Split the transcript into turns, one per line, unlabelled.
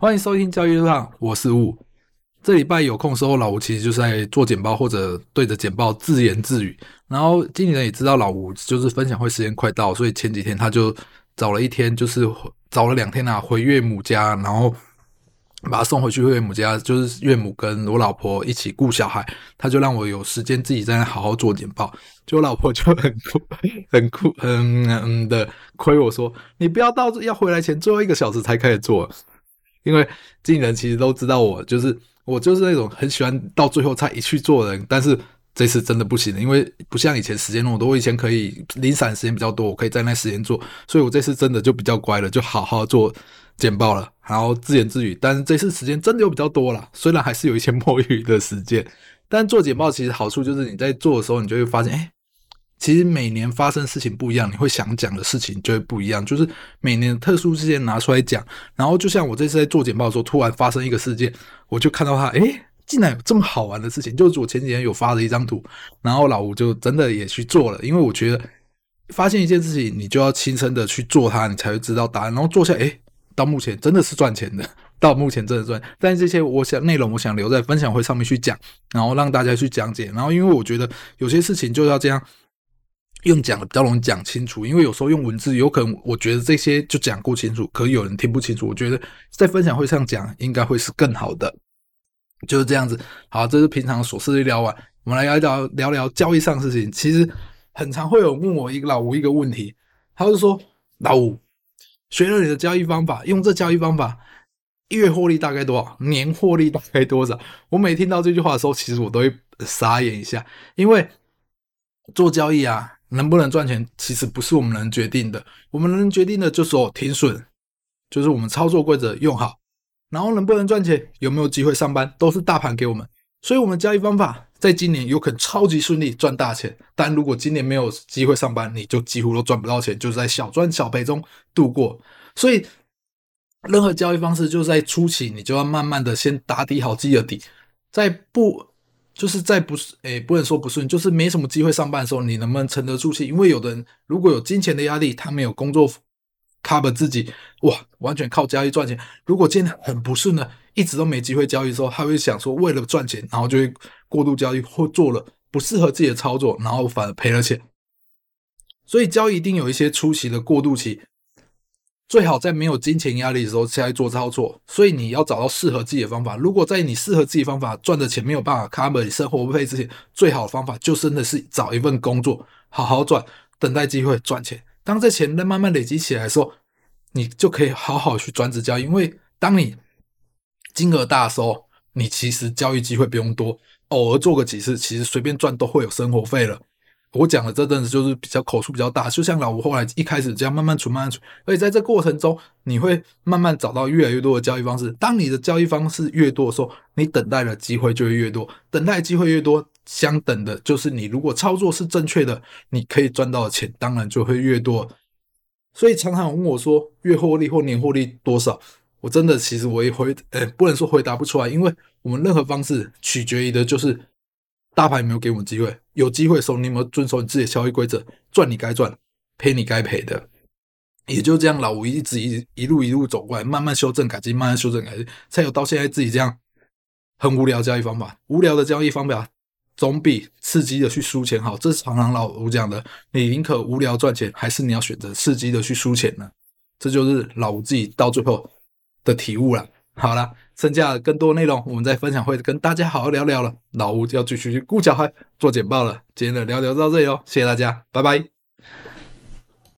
歡迎收聽《教育路上》，我是吳。這禮拜有空的時候，老吳其實就是在做簡報或者對着簡報自言自語。然後經理人也知道老吳就是分享會時間快到，所以前幾天他就找了一天，就是找了兩天啊，回岳母家，然後把他送回去回岳母家，就是岳母跟我老婆一起顧小孩，他就讓我有時間自己在那好好做簡報。結果老婆就很哭、很哭、很嗯的虧我說：“你不要到要回來前最後一個小時才開始做。”因為近人其實都知道我，就是我就是那種很喜歡到最後才一去做的人，但是這次真的不行了，因為不像以前時間那麼多，我以前可以零散時間比較多，我可以在那時間做，所以我這次真的就比較乖了，就好好做簡報了，然後自言自語。但是這次時間真的又比較多了，雖然還是有一些摸魚的時間，但做簡報其實好處就是你在做的時候，你就會發現，哎。其實每年發生事情不一樣，你會想講的事情就會不一樣。就是每年特殊事件拿出來講，然後就像我這次在做簡報的時候，突然發生一個事件，我就看到他，哎、欸，竟然有這麼好玩的事情。就是我前幾天有發了一張圖，然後老吳就真的也去做了，因為我覺得發現一件事情，你就要親身的去做它，你才會知道答案。然後做下，哎、欸，到目前真的是賺錢的，到目前真的賺。但這些我想內容，我想留在分享會上面去講，然後讓大家去講解。然後因為我覺得有些事情就要這樣。用講的比較容易講清楚，因為有時候用文字有可能，我覺得這些就講不清楚，可能有人聽不清楚。我覺得在分享會上講應該會是更好的，就是這樣子。好，這是平常的瑣事一聊完，我們來聊一聊聊聊交易上的事情。其實很常會有人問我一個老吳一個問題，他就說老吳學了你的交易方法，用這交易方法月獲利大概多少，年獲利大概多少？我每聽到這句話的時候，其實我都會傻眼一下，因為做交易啊。能不能賺錢，其實不是我們能決定的。我們能決定的就是我、是哦、停損，就是我們操作規則用好，然後能不能賺錢，有沒有機會上班，都是大盤給我們。所以，我們交易方法在今年有可能超級順利賺大錢，但如果今年沒有機會上班，你就幾乎都賺不到錢，就是在小賺小賠中度過。所以，任何交易方式，就在初期你就要慢慢的先打底好自己的底，在不。就是在不順誒、欸，不能說不順，就是沒什麼機會上班的時候，你能不能沉得住氣？因為有的人如果有金錢的壓力，他沒有工作，cover 自己，哇，完全靠交易賺錢。如果今天很不順呢，一直都沒機會交易的時候，他會想說為了賺錢，然後就會過度交易或做了不適合自己的操作，然後反而賠了錢。所以交易一定有一些初期的過渡期。最好在沒有金錢壓力的時候先來做操作，所以你要找到適合自己的方法。如果在你適合自己的方法賺的錢沒有辦法 cover 你生活費之前，最好的方法就真的是找一份工作，好好賺，等待機會賺錢。當這錢在慢慢累積起來的時候，你就可以好好去專職交易。因為當你金額大的時候，你其實交易機會不用多，偶爾做個幾次，其實隨便賺都會有生活費了。我講的這陣子就是比較口數，比較大，就像老吳後來一開始這樣慢慢、慢慢、慢慢，而且在這過程中，你會慢慢找到越來越多的交易方式。當你的交易方式越多的時候，你等待的機會就會越多，等待機會越多，相等的就是你如果操作是正確的，你可以賺到的錢當然就會越多。所以常常有問我說，月獲利或年獲利多少？我真的其實我也回，呃，不能說回答不出來，因為我們任何方式取決於的就是大盤有沒有給我們機會。有機會的時候，你有沒有遵守你自己的交易規則？賺你該賺，賠你該賠的，也就這樣。老吳一直一一路一路走過來，慢慢修正改進，慢慢修正改進，才有到現在自己這樣很無聊的交易方法。無聊的交易方法總比刺激的去輸錢好。這是常常老吳講的。你寧可無聊賺錢，還是你要選擇刺激的去輸錢呢？這就是老吳自己到最後的體悟了。好了。剩下更多內容，我們在分享會跟大家好好聊聊了。老吳要繼續去顧小孩做簡報了。今天的聊聊到這裡哦，謝謝大家，拜拜。